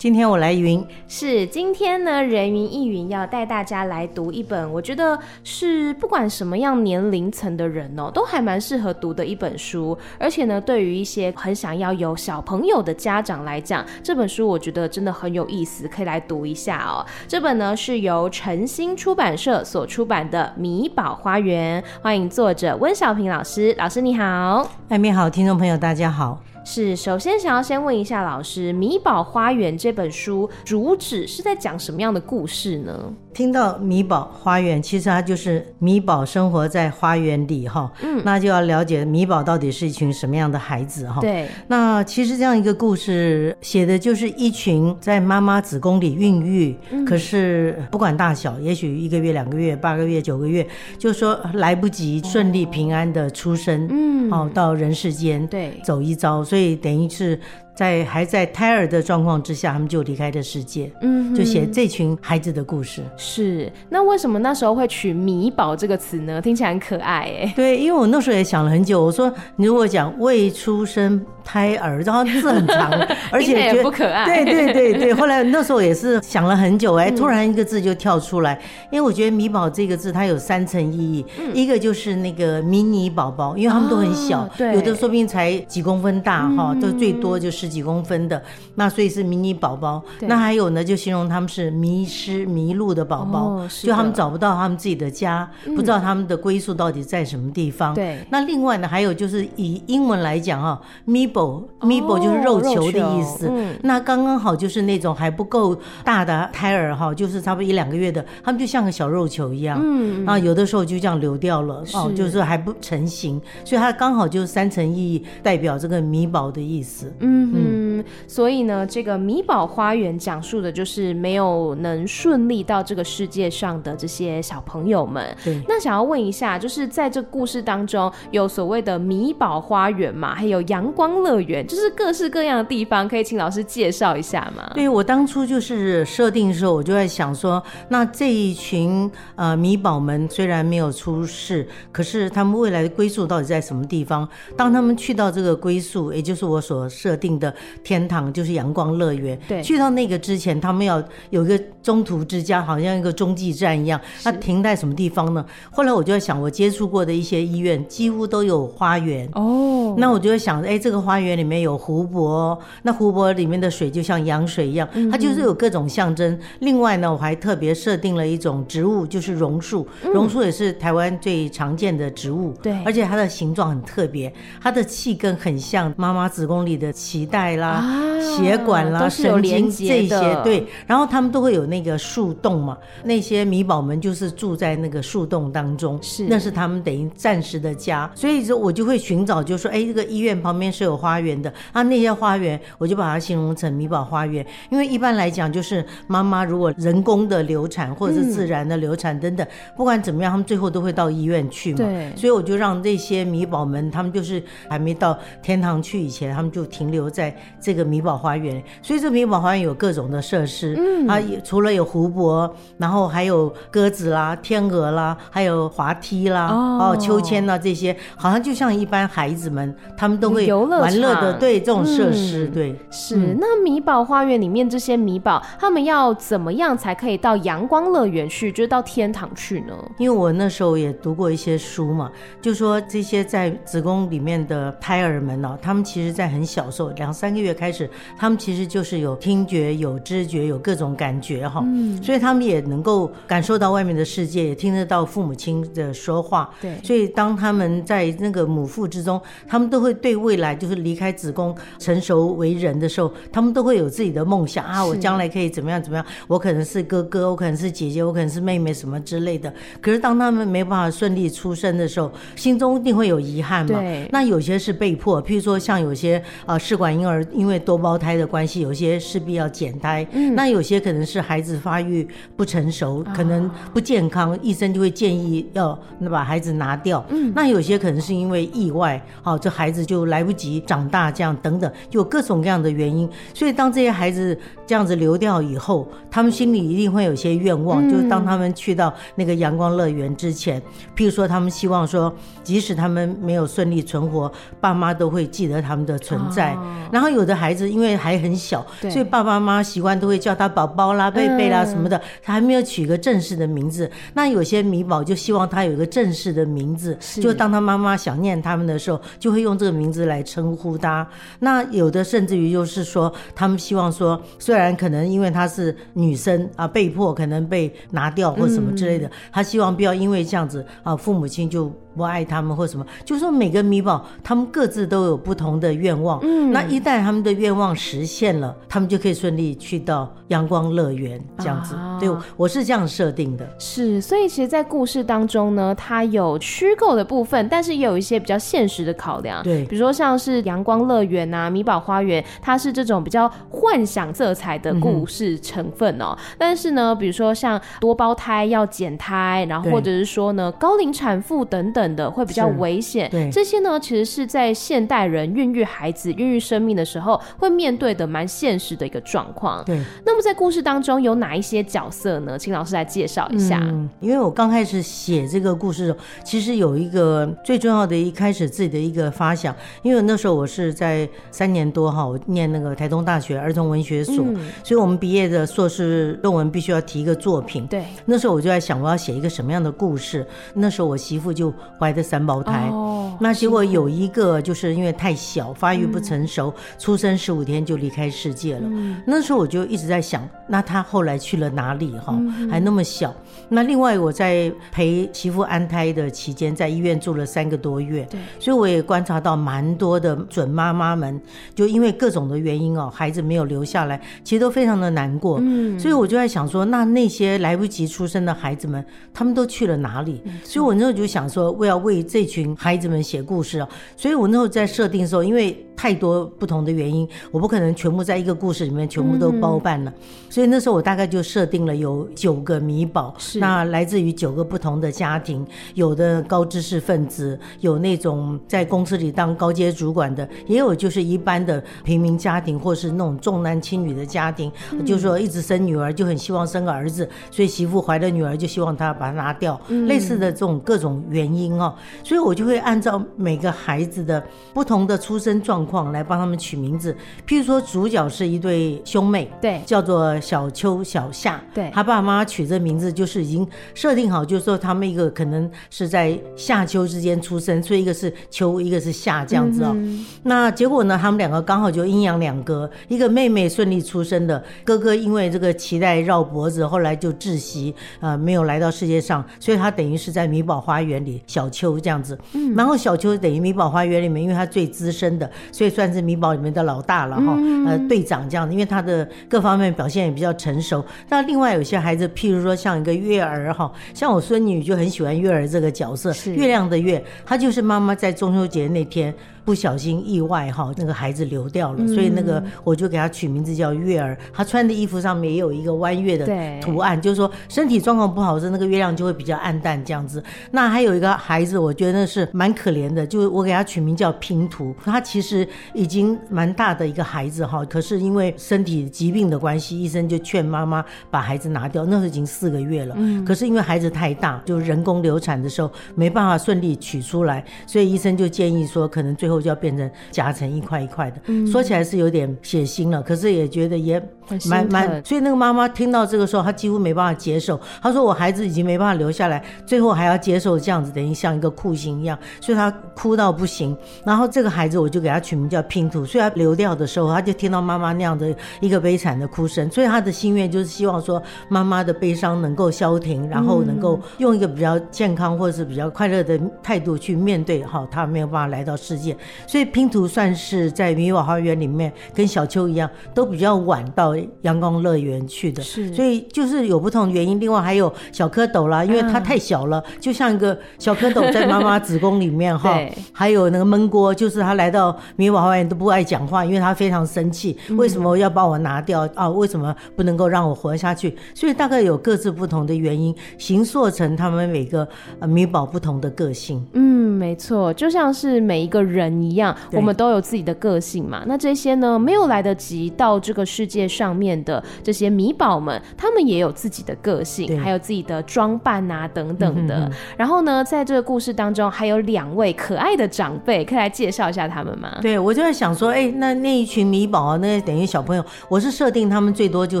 今天我來云是，今天呢，人云藝云要帶大家來讀一本，我覺得是不管什麼樣年齡層的人哦，都還蠻適合讀的一本書。而且呢，對於一些很想要有小朋友的家長來講，這本書我覺得真的很有意思，可以來讀一下哦。這本呢，是由晨星出版社所出版的《迷寶花園》，歡迎作者溫小平老師。老師你好。嗨，你好，聽眾朋友大家好。是，首先想要先問一下老師，《迷寶花園》這本書主旨是在講什麼樣的故事呢？聽到迷寶花園，其實它就是迷寶生活在花園裡哈，嗯，那就要了解迷寶到底是一群什麼樣的孩子哈。對。那其實這樣一個故事，寫的就是一群在媽媽子宮裡孕育，嗯、可是不管大小，也許一個月、兩個月、八個月、九個月，就說來不及順利平安的出生，嗯，到人世間對走一遭，對所以等於是。在還在胎兒的狀況之下，他們就離開這世界。嗯哼，就寫這群孩子的故事。是，那為什麼那時候會取“迷寶”這個詞呢？聽起來很可愛哎、欸。對，因為我那時候也想了很久，我說你如果講未出生胎兒，然後字很長， 而且覺得不可愛。對對對對。對對對 後來那時候也是想了很久，哎，突然一個字就跳出來，嗯、因為我覺得“迷寶”這個字它有三層意義，嗯、一個就是那個迷你寶寶，因為他們都很小，啊、對，有的說不定才幾公分大哈，都、嗯哦、最多就是。十幾公分的那，所以是迷你寶寶。那還有呢，就形容他們是迷失、迷路的寶寶，就他們找不到他們自己的家，不知道他們的歸宿到底在什麼地方。對。那另外呢，還有就是以英文來講哈，Mibo，Mibo 就是肉球的意思。那剛剛好就是那種還不夠大的胎兒哈，就是差不多一兩個月的，他們就像個小肉球一樣。嗯，然後啊，有的時候就這樣流掉了哦，就是還不成型，所以它剛好就是三層意義代表這個迷寶的意思。嗯。嗯，嗯，所以呢，這個迷寶花園講述的就是沒有能順利到這個世界上的這些小朋友們。對那想要問一下，就是在這故事當中，有所謂的迷寶花園嘛，還有陽光樂園，就是各式各樣的地方，可以請老師介紹一下嗎？對我當初就是設定的時候，我就在想說，那這一群呃迷寶們雖然沒有出世，可是他們未來的歸宿到底在什麼地方？當他們去到這個歸宿，也就是我所設定的天堂就是陽光樂園。對，去到那個之前，他們要有一個中途之家，好像一個中繼站一樣。是那停在什麼地方呢？後來我就在想，我接觸過的一些醫院，幾乎都有花園。哦。那我就會想，哎、欸，這個花園裡面有湖泊、喔，那湖泊裡面的水就像羊水一樣，它就是有各種象徵。嗯、哼另外呢，我還特別設定了一種植物，就是榕樹，榕樹也是台灣最常見的植物，對、嗯，而且它的形狀很特別，它的氣根很像媽媽子宮裡的臍帶啦、啊、血管啦、神經這些，對。然後他們都會有那個樹洞嘛，那些迷寶們就是住在那個樹洞當中，是，那是他們等於暫時的家，所以說我就會尋找，就是說，哎。這個醫院旁邊是有花園的，那、啊、那些花園我就把它形容成迷寶花園，因為一般來講就是媽媽如果人工的流產或者是自然的流產等等，嗯、不管怎麼樣，他們最後都會到醫院去嘛。對所以我就讓這些迷寶們，他們就是還沒到天堂去以前，他們就停留在這個迷寶花園。所以這迷寶花園有各種的設施，嗯、啊，除了有湖泊，然後還有鴿子啦、天鵝啦，還有滑梯啦、哦、哦、秋千啦、啊、這些，好像就像一般孩子們。他們都會玩樂的，對這種設施，嗯、對，是。那迷寶花園裡面這些迷寶，他們要怎麼樣才可以到陽光樂園去，就是、到天堂去呢？因為我那時候也讀過一些書嘛，就說，這些在子宮裡面的胎兒們呢、啊，他們其實在很小時候，兩三個月開始，他們其實就是有聽覺、有知覺、有各種感覺哈，嗯、所以他們也能夠感受到外面的世界，也聽得到父母親的說話。對，所以當他們在那個母腹之中，他他們都會對未來，就是離開子宮、成熟為人的時候，他們都會有自己的夢想是啊！我將來可以怎麼樣怎麼樣？我可能是哥哥，我可能是姐姐，我可能是妹妹，什麼之類的。可是當他們沒辦法順利出生的時候，心中一定會有遺憾嘛？對。那有些是被迫，譬如說像有些啊試管嬰兒，因為多胞胎的關係，有些勢必要減胎。嗯。那有些可能是孩子發育不成熟，哦，可能不健康，醫生就會建議要把孩子拿掉。嗯。那有些可能是因為意外，好、啊孩子就來不及長大，這樣等等，有各種各樣的原因。所以當這些孩子這樣子流掉以後，他們心裡一定會有些願望。嗯、就是當他們去到那個陽光樂園之前，譬如說，他們希望說，即使他們沒有順利存活，爸媽都會記得他們的存在。哦、然後有的孩子因為還很小，對所以爸爸媽媽習慣都會叫他寶寶啦、貝貝、嗯、啦什麼的，他還沒有取個正式的名字。那有些迷寶就希望他有一個正式的名字，是就當他媽媽想念他們的時候，就。就會用這個名字來稱呼她。那有的甚至於就是說，他們希望說，雖然可能因為她是女生啊，被迫可能被拿掉或什麼之類的，嗯嗯，他希望不要因為這樣子啊，父母親就。不愛他們或什麼，就是說每個迷寶他們各自都有不同的願望，嗯，那一旦他們的願望實現了，他們就可以順利去到陽光樂園這樣子，啊、對，我是這樣設定的。是，所以其實，在故事當中呢，它有虛構的部分，但是也有一些比較現實的考量，對，比如說像是陽光樂園啊、迷寶花園，它是這種比較幻想色彩的故事成分哦、喔。嗯、哼但是呢，比如說像多胞胎要減胎，然後或者是說呢對高齡產婦等等。等的會比較危險，對，這些呢，其實是在現代人孕育孩子，孕育生命的時候會面對的蠻現實的一個狀況。對，那麼在故事當中有哪一些角色呢？請老師來介紹一下。嗯，因為我剛開始寫這個故事，其實有一個最重要的，一開始自己的一個發想，因為那時候我是在三年多哈，我念那個台東大學兒童文學所，嗯，所以我們畢業的碩士論文必須要提一個作品。對，那時候我就在想，我要寫一個什麼樣的故事？那時候我媳婦就。懷的三胞胎，哦，那結果有一個就是因為太小，是發育不成熟，嗯、出生十五天就離開世界了。嗯、那時候我就一直在想，那他後來去了哪裡？哈、嗯，還那麼小。那另外我在陪媳婦安胎的期間，在醫院住了三個多月，對，所以我也觀察到蠻多的準媽媽們，就因為各種的原因哦，孩子沒有留下來，其實都非常的難過。嗯，所以我就在想說，那那些來不及出生的孩子們，他們都去了哪裡？錯所以我那時候就想說，為要為這群孩子們寫故事啊，所以我那時候在設定的時候，因為太多不同的原因，我不可能全部在一個故事裡面全部都包辦了，所以那時候我大概就設定了有九個迷寶，是那來自於九個不同的家庭，有的高知識分子，有那種在公司裡當高階主管的，也有就是一般的平民家庭，或是那種重男輕女的家庭，就是說一直生女兒就很希望生個兒子，所以媳婦懷了女兒就希望她把她拿掉，類似的這種各種原因，啊。哦，所以我就會按照每個孩子的不同的出生狀況來幫他們取名字。譬如說，主角是一對兄妹，對，叫做小秋、小夏，對。他爸爸媽媽取這名字就是已經設定好，就是說他們一個可能是在夏秋之間出生，所以一個是秋，一個是夏這樣子哦。嗯嗯，那結果呢，他們兩個剛好就陰陽兩隔，一個妹妹順利出生的，哥哥因為這個臍帶繞脖子，後來就窒息，呃，沒有來到世界上，所以他等於是在迷寶花園裡小秋這樣子，然後小秋等於米寶花園裡面，因為她最資深的，所以算是米寶裡面的老大了哈。呃，隊長這樣子，因為他的各方面表現也比較成熟。那另外有些孩子，譬如說像一個月兒哈，像我孫女就很喜歡月兒這個角色，是月亮的月，她就是媽媽在中秋節那天。不小心意外哈，那個孩子流掉了，嗯、所以那個我就給他取名字叫月兒。他穿的衣服上面也有一個彎月的圖案，對就是說身體狀況不好時，那個月亮就會比較暗淡這樣子。那還有一個孩子，我覺得是蠻可憐的，就是我給他取名叫拼圖。他其實已經蠻大的一個孩子哈，可是因為身體疾病的關係，醫生就勸媽媽把孩子拿掉。那時候已經四個月了，嗯、可是因為孩子太大，就人工流產的時候沒辦法順利取出來，所以醫生就建議說，可能最後。就要變成夾成一塊一塊的，嗯、說起來是有點血腥了，可是也覺得也蠻蠻所以那個媽媽聽到這個時候，她幾乎沒辦法接受。她說：“我孩子已經沒辦法留下來，最後還要接受這樣子，等於像一個酷刑一樣。”所以她哭到不行。然後這個孩子，我就給他取名叫拼圖。所以她流掉的時候，她就聽到媽媽那樣的一個悲慘的哭聲，所以她的心願就是希望說，媽媽的悲傷能夠消停，然後能夠用一個比較健康或者是比較快樂的態度去面對。好，她沒有辦法來到世界，所以拼圖算是在《迷寶花園》裡面跟小秋一樣，都比較晚到。陽光樂園去的，是，所以就是有不同原因。另外還有小蝌蚪啦，因為它太小了，啊、就像一個小蝌蚪在媽媽子宮裡面哈。 對還有那個悶鍋，就是他來到迷寶花園都不愛講話，因為他非常生氣。為什麼要把我拿掉、嗯、哼啊？為什麼不能夠讓我活下去？所以大概有各自不同的原因。形塑成他們每個迷寶不同的個性，嗯，沒錯，就像是每一個人一樣，我們都有自己的個性嘛。對那這些呢，沒有來得及到這個世界上。方面的這些迷寶們，他們也有自己的個性，對還有自己的裝扮啊等等的。嗯嗯嗯，然後呢，在這個故事當中，還有兩位可愛的長輩，可以來介紹一下他們嗎？對，我就在想說，哎、欸，那那一群迷寶，那等於小朋友，我是設定他們最多就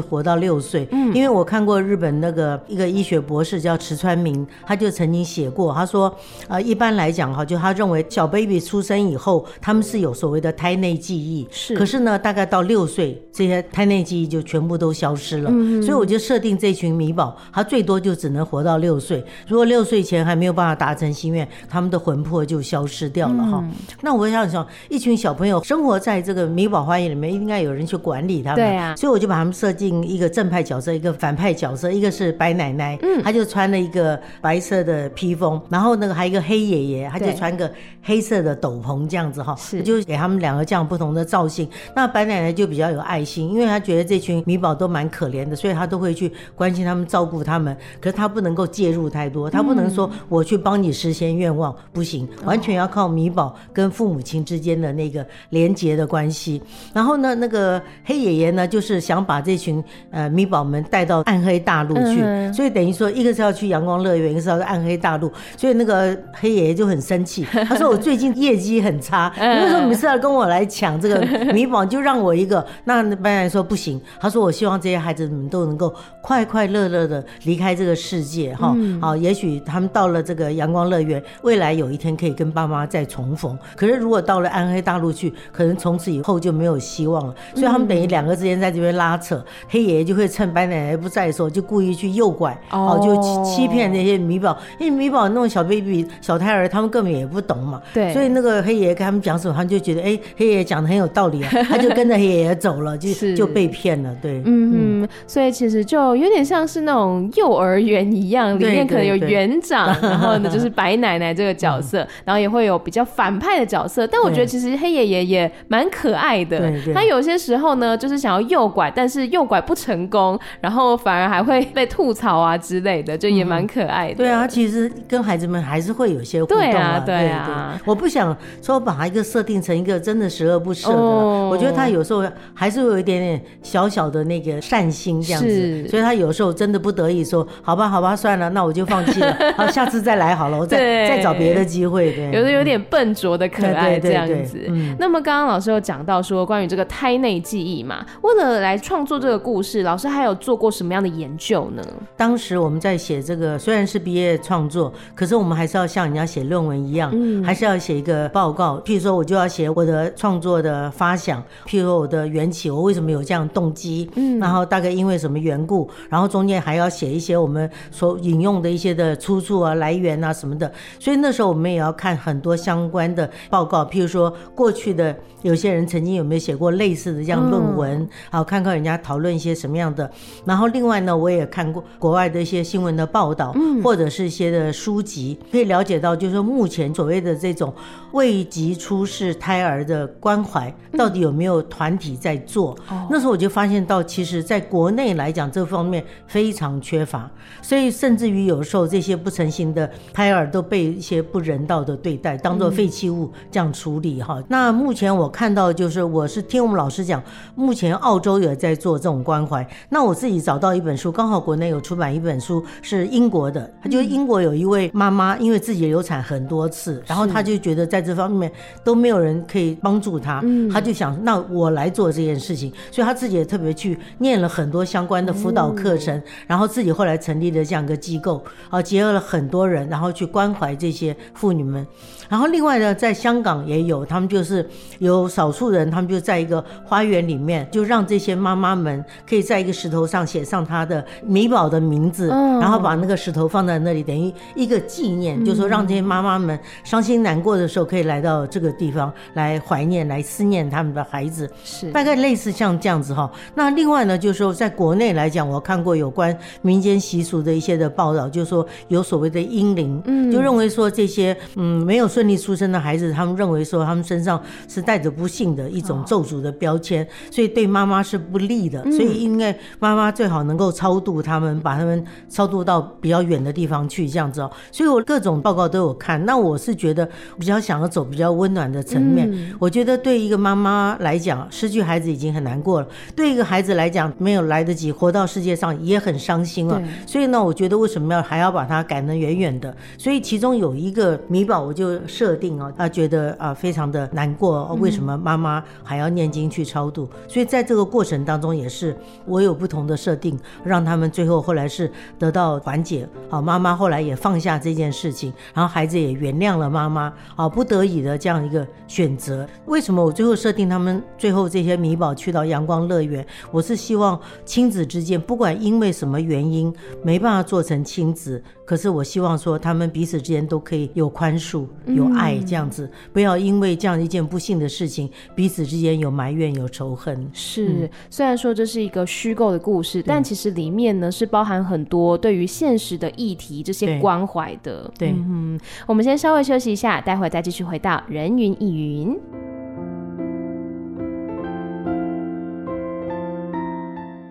活到六歲，嗯，因為我看過日本那個一個醫學博士叫池川明，他就曾經寫過，他說，呃，一般來講哈，就他認為小 baby 出生以後，他們是有所謂的胎內記憶，是，可是呢，大概到六歲，這些胎內。記憶就全部都消失了，嗯、所以我就設定這群迷寶，他最多就只能活到六歲。如果六歲前還沒有辦法達成心願，他們的魂魄就消失掉了哈。嗯、那我想想，一群小朋友生活在這個迷寶花園裡面，應該有人去管理他們。對啊，所以我就把他們設定一個正派角色，一個反派角色。一個是白奶奶，嗯、她就穿了一個白色的披風，然後那個還有一個黑爺爺，他就穿個黑色的斗篷這樣子哈。是對，就給他們兩個這樣不同的造型。是那白奶奶就比較有愛心，因為她覺得。這群迷寶都蠻可憐的，所以他都會去關心他們、照顧他們。可是他不能夠介入太多，嗯、他不能說我去幫你實現願望，不行，完全要靠迷寶跟父母親之間的那個連接的關係。然後呢，那個黑爺爺呢，就是想把這群呃迷寶們帶到暗黑大陸去，嗯、所以等於說，一個是要去陽光樂園，一個是要暗黑大陸，所以那個黑爺爺就很生氣，他說：“我最近業績很差，如果說、嗯、你每次要跟我來搶這個迷寶？就讓我一個。”那班長說：“不行。”他說：“我希望這些孩子們都能夠快快樂樂的離開這個世界，哈、嗯，好，也許他們到了這個陽光樂園，未來有一天可以跟爸媽再重逢。可是如果到了暗黑大陸去，可能從此以後就沒有希望了。所以他們等於兩個之間在這邊拉扯，嗯、黑爺爺就會趁白奶奶不在的時候，就故意去誘拐，哦，就欺欺騙那些迷寶，因為迷寶那種小 baby、小胎兒，他們根本也不懂嘛，對。所以那個黑爺爺跟他們講什麼，他們就覺得，哎，黑爺爺講得很有道理啊，他就跟着黑爺爺走了， 就是就被騙。”騙了，對，嗯嗯，所以其實就有點像是那種幼兒園一樣，裡面可能有園長，對對對，然後呢就是白奶奶這個角色， 嗯、然後也會有比較反派的角色。但我覺得其實黑爺爺也蠻可愛的，對對對，他有些時候呢就是想要誘拐，但是誘拐不成功，然後反而還會被吐槽啊之類的，就也蠻可愛的。對啊，其實跟孩子們還是會有些互動啊。對啊，對啊對對對，我不想說把他一個設定成一個真的十惡不赦的，oh、我覺得他有時候還是會有一點點。小小的那個善心這樣子，是所以他有時候真的不得已說，好吧，好吧，算了，那我就放棄了， 好，下次再來好了，我再對再找別的機會。有時候，有點笨拙的可愛這樣子。對對對對嗯、那麼剛剛老師有講到說，關於這個胎內記憶嘛，為了來創作這個故事，老師還有做過什麼樣的研究呢？當時我們在寫這個，雖然是畢業創作，可是我們還是要像人家寫論文一樣，嗯、還是要寫一個報告。譬如說，我就要寫我的創作的發想，譬如說我的緣起，我為什麼有這樣動動機，嗯，然後大概因為什麼緣故，然後中間還要寫一些我們所引用的一些的出處啊、來源啊什麼的，所以那時候我們也要看很多相關的報告，譬如說過去的有些人曾經有沒有寫過類似的這樣論文，好、嗯、看看人家討論一些什麼樣的。然後另外呢，我也看過國外的一些新聞的報道，嗯、或者是一些的書籍，可以了解到就是說目前所謂的這種未及出世胎兒的關懷，到底有沒有團體在做？嗯、那時候我就。發現到，其實在國內來講，這方面非常缺乏，所以甚至於有時候這些不成型的胎兒都被一些不人道的對待，當做廢棄物這樣處理哈。那目前我看到，就是我是聽我們老師講，目前澳洲也在做這種關懷。那我自己找到一本書，剛好國內有出版一本書是英國的，他就英國有一位媽媽，因為自己流產很多次，然後她就覺得在這方面都沒有人可以幫助她，她就想，那我來做這件事情，所以她自己。也特別去念了很多相關的輔導課程，嗯，然後自己後來成立了這樣一個機構，啊，結合了很多人，然後去關懷這些婦女們。然後另外呢，在香港也有，他們就是有少數人，他們就在一個花園裡面，就讓這些媽媽們可以在一個石頭上寫上他的迷寶的名字，然後把那個石頭放在那裡，等於一個紀念，就是說讓這些媽媽們傷心難過的時候可以來到這個地方來懷念、來思念他們的孩子，是大概類似像這樣子哈。那另外呢，就是說在國內來講，我看過有關民間習俗的一些的報道，就是說有所謂的嬰靈，嗯，就認為說這些嗯沒有說順利出生的孩子，他們認為說他們身上是帶着不幸的一種咒詛的標籤，哦、所以對媽媽是不利的，嗯、所以應該媽媽最好能夠超度他們，把他們超度到比較遠的地方去，這樣子、哦。所以我各種報告都有看，那我是覺得比較想要走比較溫暖的層面。嗯、我覺得對一個媽媽來講，失去孩子已經很難過了；對一個孩子來講，沒有來得及活到世界上也很傷心了。對所以呢，我覺得為什麼要還要把他趕得遠遠的？所以其中有一個迷寶，我就。設定啊，他覺得啊非常的難過，為什麼媽媽還要念經去超度？嗯、所以在這個過程當中也是我有不同的設定，讓他們最後後來是得到緩解。好、啊，媽媽後來也放下這件事情，然後孩子也原諒了媽媽。好、啊，不得已的這樣一個選擇。為什麼我最後設定他們最後這些迷寶去到陽光樂園？我是希望親子之間不管因為什麼原因沒辦法做成親子。可是我希望說，他們彼此之間都可以有寬恕、有愛，這樣子，嗯、不要因為這樣一件不幸的事情，彼此之間有埋怨、有仇恨。是，嗯、雖然說這是一個虛構的故事，對但其實裡面呢是包含很多對於現實的議題、這些關懷的。對，對、嗯，我們先稍微休息一下，待會再繼續回到人云藝云。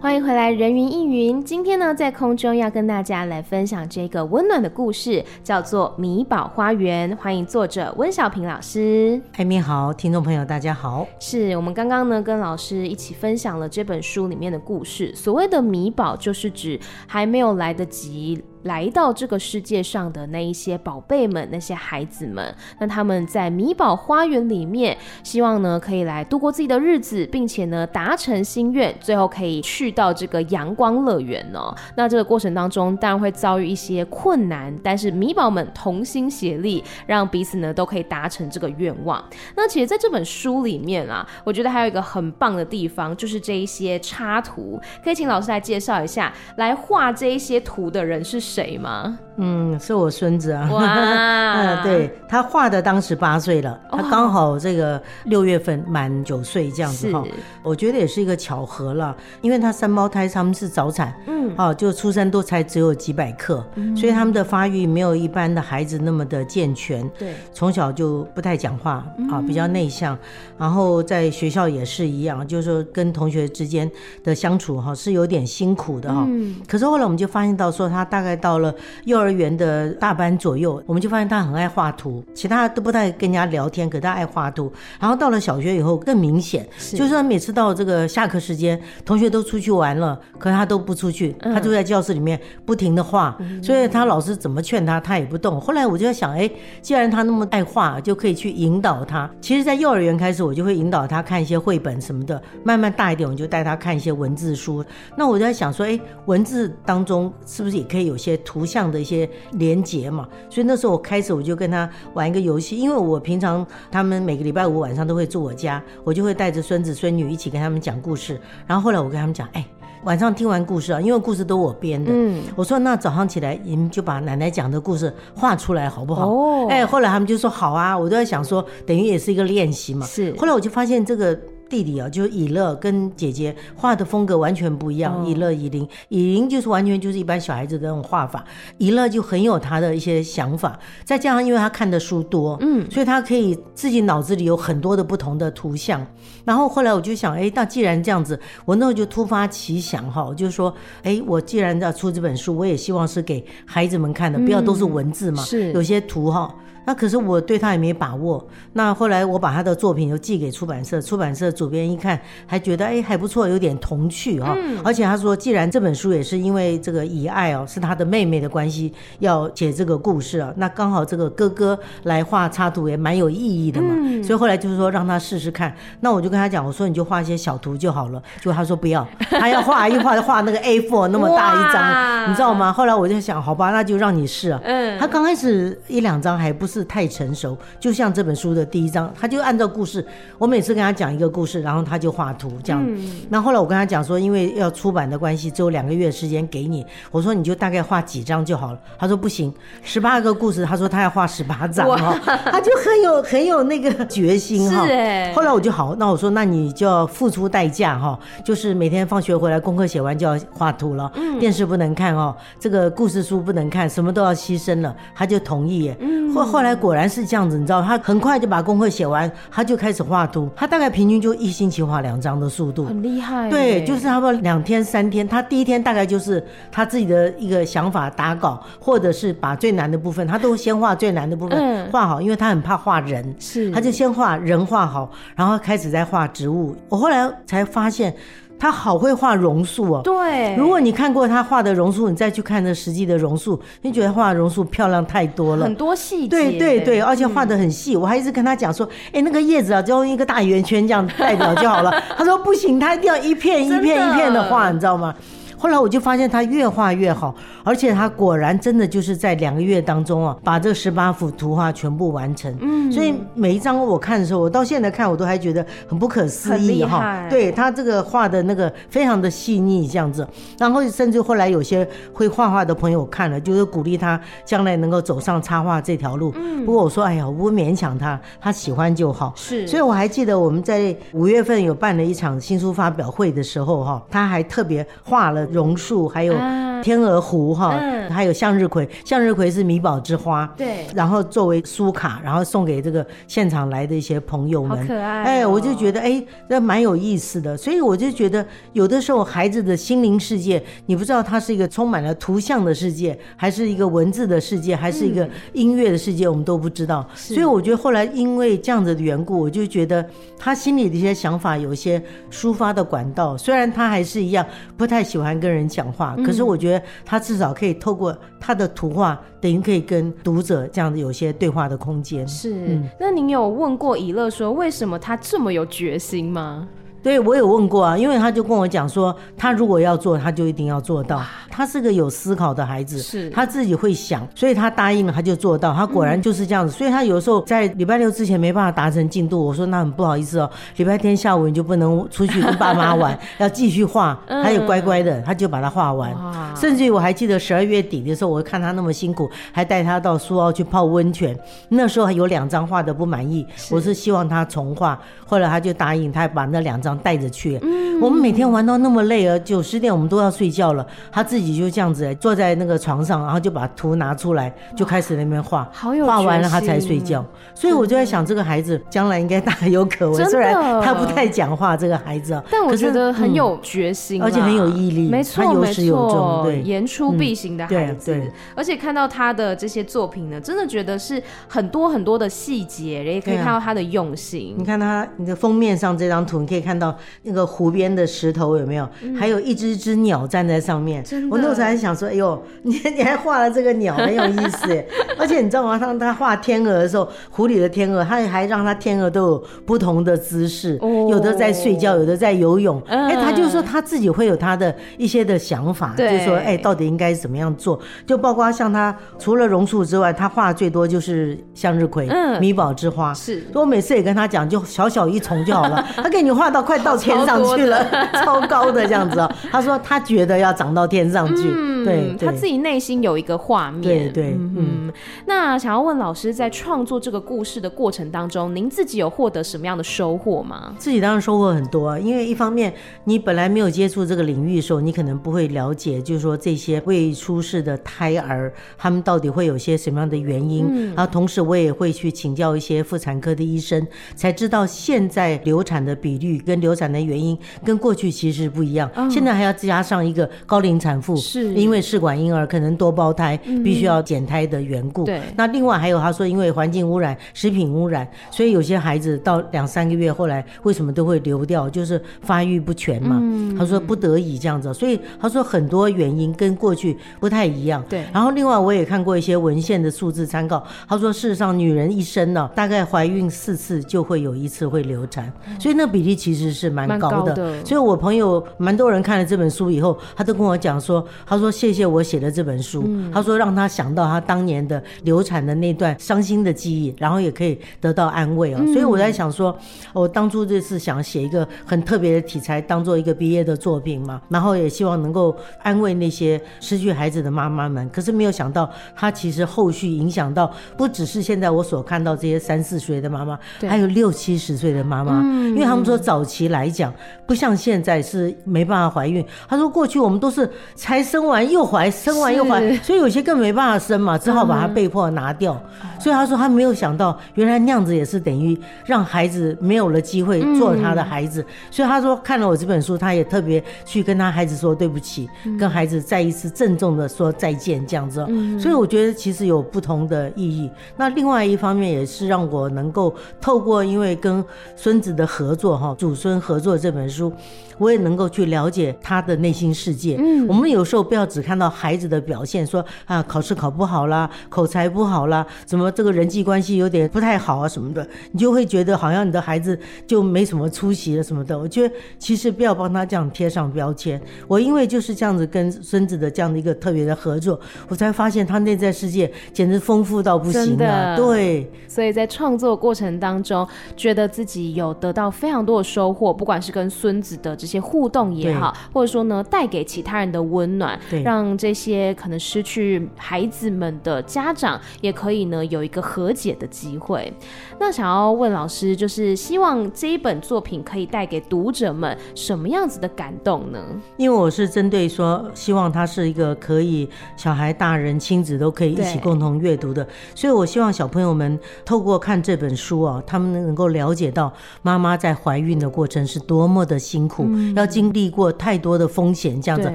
歡迎回來，人云藝云。今天呢，在空中要跟大家來分享這個溫暖的故事，叫做《迷寶花園》。歡迎作者溫小平老師。嗨，你好，聽眾朋友大家好。是我們剛剛呢跟老師一起分享了這本書裡面的故事。所謂的迷寶，就是指還沒有來得及。來到這個世界上的那一些寶貝們，那些孩子們，那他們在迷寶花園裡面，希望呢可以來度過自己的日子，並且呢達成心願，最後可以去到這個陽光樂園哦。那這個過程當中，當然會遭遇一些困難，但是迷寶們同心協力，讓彼此呢都可以達成這個願望。那其實在這本書裡面啊，我覺得還有一個很棒的地方，就是這一些插圖，可以請老師來介紹一下，來畫這一些圖的人是誰？誰嗎？嗯，是我孫子啊。哇嗯，對，他畫的當時八歲了，他剛好這個六月份滿九歲，這樣子哈。哇我覺得也是一個巧合了，因為他三胞胎他們是早產，嗯，啊，就出生都才只有幾百克，嗯、所以他們的發育沒有一般的孩子那麼的健全。對，從小就不太講話啊，比較內向，嗯、然後在學校也是一樣，就是說跟同學之間的相處哈是有點辛苦的哈。嗯。可是後來我們就發現到說他大概。到了幼兒園的大班左右，我們就發現他很愛畫圖，其他都不太跟人家聊天，可他愛畫圖。然後到了小學以後更明顯，是就是每次到這個下課時間，同學都出去玩了，可他都不出去，他就在教室裡面不停的畫。嗯、所以他老師怎麼勸他，他也不動。嗯、後來我就在想，哎，既然他那麼愛畫，就可以去引導他。其實，在幼兒園開始，我就會引導他看一些繪本什麼的。慢慢大一點，我就帶他看一些文字書。那我就在想說，哎，文字當中是不是也可以有些？圖像的一些連接嘛，所以那時候我開始我就跟他玩一個遊戲，因為我平常他們每個禮拜五晚上都會住我家，我就會帶着孫子孫女一起跟他們講故事。然後後來我跟他們講，哎、欸，晚上聽完故事啊，因為故事都我編的，嗯，我說那早上起來你們就把奶奶講的故事畫出來好不好？哦，哎、欸，後來他們就說好啊，我都在想說，等於也是一個練習嘛，是。後來我就發現這個。弟弟啊，就是以樂跟姐姐畫的風格完全不一樣。哦、以樂、以林，以林就是完全就是一般小孩子的那種畫法，以樂就很有他的一些想法。再加上因為他看的書多，嗯，所以他可以自己腦子裡有很多的不同的圖像。然後後來我就想，哎，那既然這樣子，我那時候就突發奇想哈，我就是說，哎，我既然要出這本書，我也希望是給孩子們看的，嗯、不要都是文字嘛，是有些圖哈。那可是我對他也沒把握。那後來我把他的作品又寄給出版社，出版社主編一看，還覺得哎還不錯，有點童趣啊，哦。嗯。而且他說，既然這本書也是因為這個以愛哦是他的妹妹的關係要寫這個故事啊，那剛好這個哥哥來畫插圖也蠻有意義的嘛。嗯。所以後來就是說讓他試試看。那我就跟他講，我說你就畫一些小圖就好了。就他說不要，他要畫 一畫就畫那個 A4 那麼大一張，哇你知道嗎？後來我就想，好吧，那就讓你試啊。嗯。他剛開始一兩張還不。是太成熟，就像這本書的第一章，他就按照故事。我每次跟他講一個故事，然後他就畫圖這樣。那、嗯、後、後來我跟他講說，因為要出版的關係，只有兩個月時間給你，我說你就大概畫幾張就好了。他說不行，十八個故事，他說他要畫十八張哇他就很有很有那個決心哈。耶後來我就好，那我說那你就要付出代價哈，就是每天放學回來功課寫完就要畫圖了，嗯、電視不能看哦，這個故事書不能看，什麼都要犧牲了，他就同意。嗯。後來果然是這樣子，你知道他很快就把功課寫完，他就開始畫圖。他大概平均就一星期畫兩張的速度，很厲害。對，就是差不多兩天三天。他第一天大概就是他自己的一個想法打稿，或者是把最難的部分，他都先畫最難的部分畫好，因為他很怕畫人，是他就先畫人畫好，然後開始在畫植物。我後來才發現。他好會畫榕樹哦，對。如果你看過他畫的榕樹，你再去看那實際的榕樹，你覺得畫的榕樹漂亮太多了，很多細節，對對對，而且畫的很細。嗯、我還一直跟他講說，哎、欸，那個葉子啊，就用一個大圓圈這樣代表就好了。 他說不行，他一定要一片一片一片，一片的畫，的你知道嗎？後來我就發現他越畫越好，而且他果然真的就是在兩個月當中啊，把這十八幅圖畫全部完成。嗯，所以每一張我看的時候，我到現在看我都還覺得很不可思議，哈、哦。對他這個畫的那個非常的細膩，這樣子。然後甚至後來有些會畫畫的朋友看了，就是鼓勵他將來能夠走上插畫這條路。嗯、不過我說，哎呀，我不勉強他，他喜歡就好。是。所以我還記得我們在五月份有辦了一場新書發表會的時候，哈，他還特別畫了。榕樹，還有天鵝湖哈，啊嗯、還有向日葵。向日葵是迷寶之花，對。然後作為書卡，然後送給這個現場來的一些朋友們，好可愛、哦。哎，我就覺得哎，這蠻有意思的。所以我就覺得，有的時候孩子的心靈世界，你不知道他是一個充滿了圖像的世界，還是一個文字的世界，還是一個音樂的世界，嗯、我們都不知道。是所以我覺得後來因為這樣子的緣故，我就覺得他心裡的一些想法，有些抒發的管道，雖然他還是一樣不太喜歡。跟人講話，可是我覺得他至少可以透過他的圖畫，嗯、等於可以跟讀者這樣子有些對話的空間。是，嗯、那您有問過以樂說，為什麼他這麼有決心嗎？對我有問過啊，因為他就跟我講說，他如果要做，他就一定要做到。他是個有思考的孩子，是他自己會想，所以他答應了他就做到。他果然就是這樣子，嗯、所以他有時候在禮拜六之前沒辦法達成進度，我說那很不好意思哦。禮拜天下午你就不能出去跟爸媽玩， 要繼續畫，他也乖乖的，他就把它畫完。嗯、甚至於我還記得十二月底的時候，我看他那麼辛苦，還帶他到蘇澳去泡溫泉。那時候還有兩張畫得不滿意，是我是希望他重畫，後來他就答應，他把那兩張。帶着去，我們每天玩到那麼累啊，九十點我們都要睡覺了。他自己就這樣子坐在那個床上，然後就把圖拿出來，就開始那邊畫，畫完了他才睡覺。所以我就在想，這個孩子將來應該大有可為。雖然他不太講話，這個孩子啊，但我覺得很有決心，而且很有毅力，沒錯，他有始有終，沒錯，言出必行的孩子。對，而且看到他的這些作品呢，真的覺得是很多很多的細節，也可以看到他的用心。你看他，你的封面上這張圖，你可以看。到那個湖邊的石頭有沒有？還有一隻一隻鳥站在上面。嗯、我那時候還想說：“哎呦，你你還畫了這個鳥，很有意思。”哎，而且你知道嗎？他他畫天鵝的時候，湖裡的天鵝，他還讓他天鵝都有不同的姿勢，哦、有的在睡覺，有的在游泳。哎、嗯欸，他就是說他自己會有他的一些的想法，對就是說：“哎、欸，到底應該怎麼樣做？”就包括像他除了榕樹之外，他畫的最多就是向日葵，嗯、迷寶之花。是所以我每次也跟他講，就小小一叢就好了。 他給你畫到。超超快到天上去了，超，超，超高的這樣子哦、喔。 他說他覺得要長到天上去。嗯對，對，他自己內心有一個畫面。對，對，嗯哼。那想要問老師，在創作這個故事的過程當中，您自己有獲得什麼樣的收穫嗎？自己當然收穫很多，因為一方面你本來沒有接觸這個領域的時候，你可能不會了解，就是說這些未出世的胎兒，他們到底會有些什麼樣的原因。啊、嗯，然後同時我也會去請教一些婦產科的醫生，才知道現在流產的比率跟流產的原因跟過去其實不一樣，oh, 現在還要加上一個高齡產婦，是因為試管嬰兒可能多胞胎，mm hmm. 必須要減胎的緣故。對，那另外還有他說，因為環境污染、食品污染，所以有些孩子到兩三個月後來為什麼都會流掉，就是發育不全嘛。Mm hmm. 他說不得已這樣子，所以他說很多原因跟過去不太一樣。對，然後另外我也看過一些文獻的數字參考，他說事實上女人一生呢、啊，大概懷孕四次就會有一次會流產，mm hmm. 所以那比例其實。是蠻高的，所以我朋友蠻多人看了這本書以後，他都跟我講說，他說謝謝我寫的這本書，他說讓他想到他當年的流產的那段傷心的記憶，然後也可以得到安慰哦。所以我在想說，我當初就是想寫一個很特別的題材，當做一個畢業的作品嘛，然後也希望能夠安慰那些失去孩子的媽媽們。可是沒有想到，他其實後續影響到不只是現在我所看到這些三四歲的媽媽，還有六七十歲的媽媽，因為他們說早期。其來講，不像現在是沒辦法懷孕。他說過去我們都是才生完又懷，生完又懷，是所以有些更沒辦法生嘛，只好把它被迫拿掉。嗯、所以他說他沒有想到，原來那樣子也是等於讓孩子沒有了機會做他的孩子。嗯、所以他說看了我這本書，他也特別去跟他孩子說對不起，嗯、跟孩子再一次鄭重的說再見，這樣子。嗯、所以我覺得其實有不同的意義。那另外一方面也是讓我能夠透過因為跟孫子的合作哈，祖孫。跟合作這本書，我也能夠去了解他的內心世界。嗯，我們有時候不要只看到孩子的表現，說啊，考試考不好啦，口才不好啦，什麼這個人際關係有點不太好啊什麼的，你就會覺得好像你的孩子就沒什麼出息了、啊、什麼的。我覺得其實不要幫他這樣貼上標籤。我因為就是這樣子跟孫子的這樣的一個特別的合作，我才發現他內在世界簡直豐富到不行啊！的對，所以在創作過程當中，覺得自己有得到非常多的收。或不管是跟孫子的這些互動也好，對或者說呢，帶給其他人的溫暖，對讓這些可能失去孩子們的家長也可以呢有一個和解的機會。那想要問老師，就是希望這一本作品可以帶給讀者們什麼樣子的感動呢？因為我是針對說，希望它是一個可以小孩、大人、親子都可以一起共同閱讀的，對所以我希望小朋友們透過看這本書啊，他們能夠了解到媽媽在懷孕的過程，是多麼的辛苦，嗯、要經歷過太多的風險，這樣子對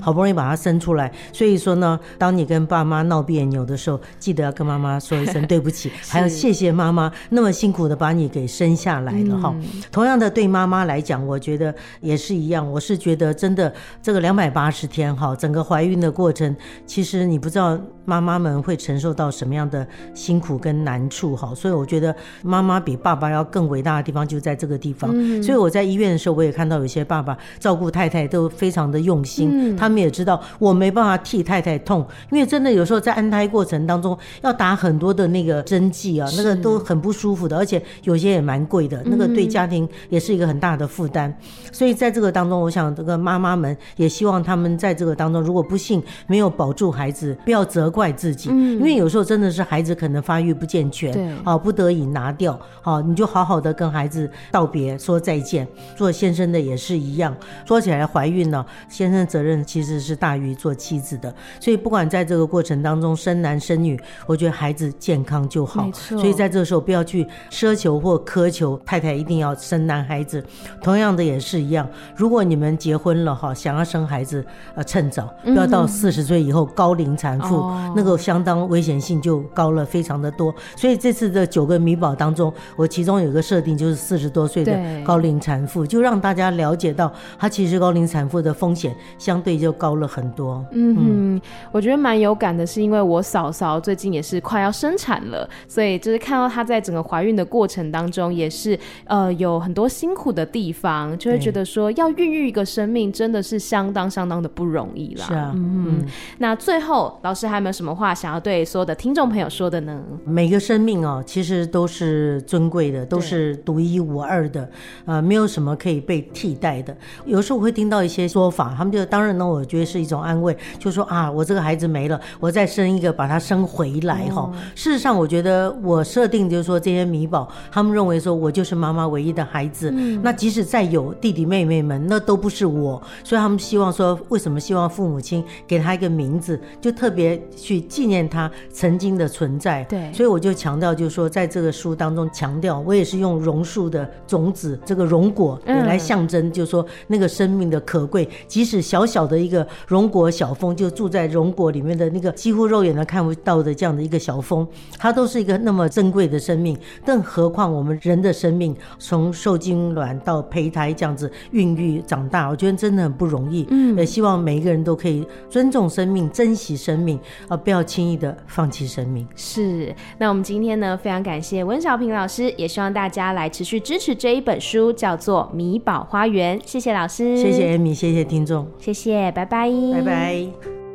好不容易把它生出來。所以說呢，當你跟爸媽鬧彆扭的時候，記得要跟媽媽說一聲對不起， 是還要謝謝媽媽那麼辛苦的把你給生下來了哈。嗯、同樣的，對媽媽來講，我覺得也是一樣。我是覺得真的這個兩百八十天哈，整個懷孕的過程，其實你不知道媽媽們會承受到什麼樣的辛苦跟難處哈。所以我覺得媽媽比爸爸要更偉大的地方就在這個地方。嗯、所以我在醫院的時候，我也看到有些爸爸照顧太太都非常的用心。嗯，他們也知道我沒辦法替太太痛，因為真的有時候在安胎過程當中要打很多的那個針劑啊，是那個都很不舒服的，而且有些也蠻貴的，那個對家庭也是一個很大的負擔。嗯、所以在這個當中，我想這個媽媽們也希望他們在這個當中，如果不幸沒有保住孩子，不要責怪自己，嗯、因為有時候真的是孩子可能發育不健全，好對、啊、不得已拿掉，好、啊，你就好好的跟孩子道別說再見。做先生的也是一樣，說起來懷孕呢，先生責任其實是大於做妻子的，所以不管在這個過程當中生男生女，我覺得孩子健康就好。沒錯。所以在這個時候不要去奢求或苛求太太一定要生男孩子。同樣的也是一樣，如果你們結婚了哈，想要生孩子，呃，趁早，不要到四十歲以後高齡產婦，嗯、那個相當危險性就高了，非常的多。所以這次的九個迷寶當中，我其中有一個設定就是四十多歲的高齡產。產婦就讓大家了解到，她其實高齡產婦的風險相對就高了很多。嗯，嗯，我覺得蠻有感的，是因為我嫂嫂最近也是快要生產了，所以就是看到她在整個懷孕的過程當中，也是呃有很多辛苦的地方，就會覺得說要孕育一個生命真的是相當相當的不容易了。是啊，嗯，那最後老師還有沒有什麼話想要對所有的聽眾朋友說的呢？每個生命哦、喔，其實都是尊貴的，都是獨一無二的。對呃，沒有。有什麼可以被替代的？有的時候我會聽到一些說法，他們就當然呢，我覺得是一種安慰，就是、說啊，我這個孩子沒了，我再生一個，把他生回來哈。哦、事實上，我覺得我設定就是說，這些迷寶他們認為說我就是媽媽唯一的孩子，嗯、那即使再有弟弟妹妹們，那都不是我，所以他們希望說，為什麼希望父母親給他一個名字，就特別去紀念他曾經的存在。對，所以我就強調，就是說在這個書當中強調，我也是用榕樹的種子，這個榕。果、嗯、來象徵，就是說那個生命的可貴，即使小小的一個榕果小蜂，就住在榕果裡面的那個幾乎肉眼都看不到的這樣的一個小蜂，它都是一個那麼珍貴的生命，更何況我們人的生命，從受精卵到胚胎這樣子孕育長大，我覺得真的很不容易。嗯，也希望每一個人都可以尊重生命，珍惜生命，而、啊、不要輕易的放棄生命。是，那我們今天呢，非常感謝溫小平老師，也希望大家來持續支持這一本書，叫。做迷寶花園。謝謝老師，謝謝艾咪，謝謝聽眾，謝謝，拜拜，拜拜。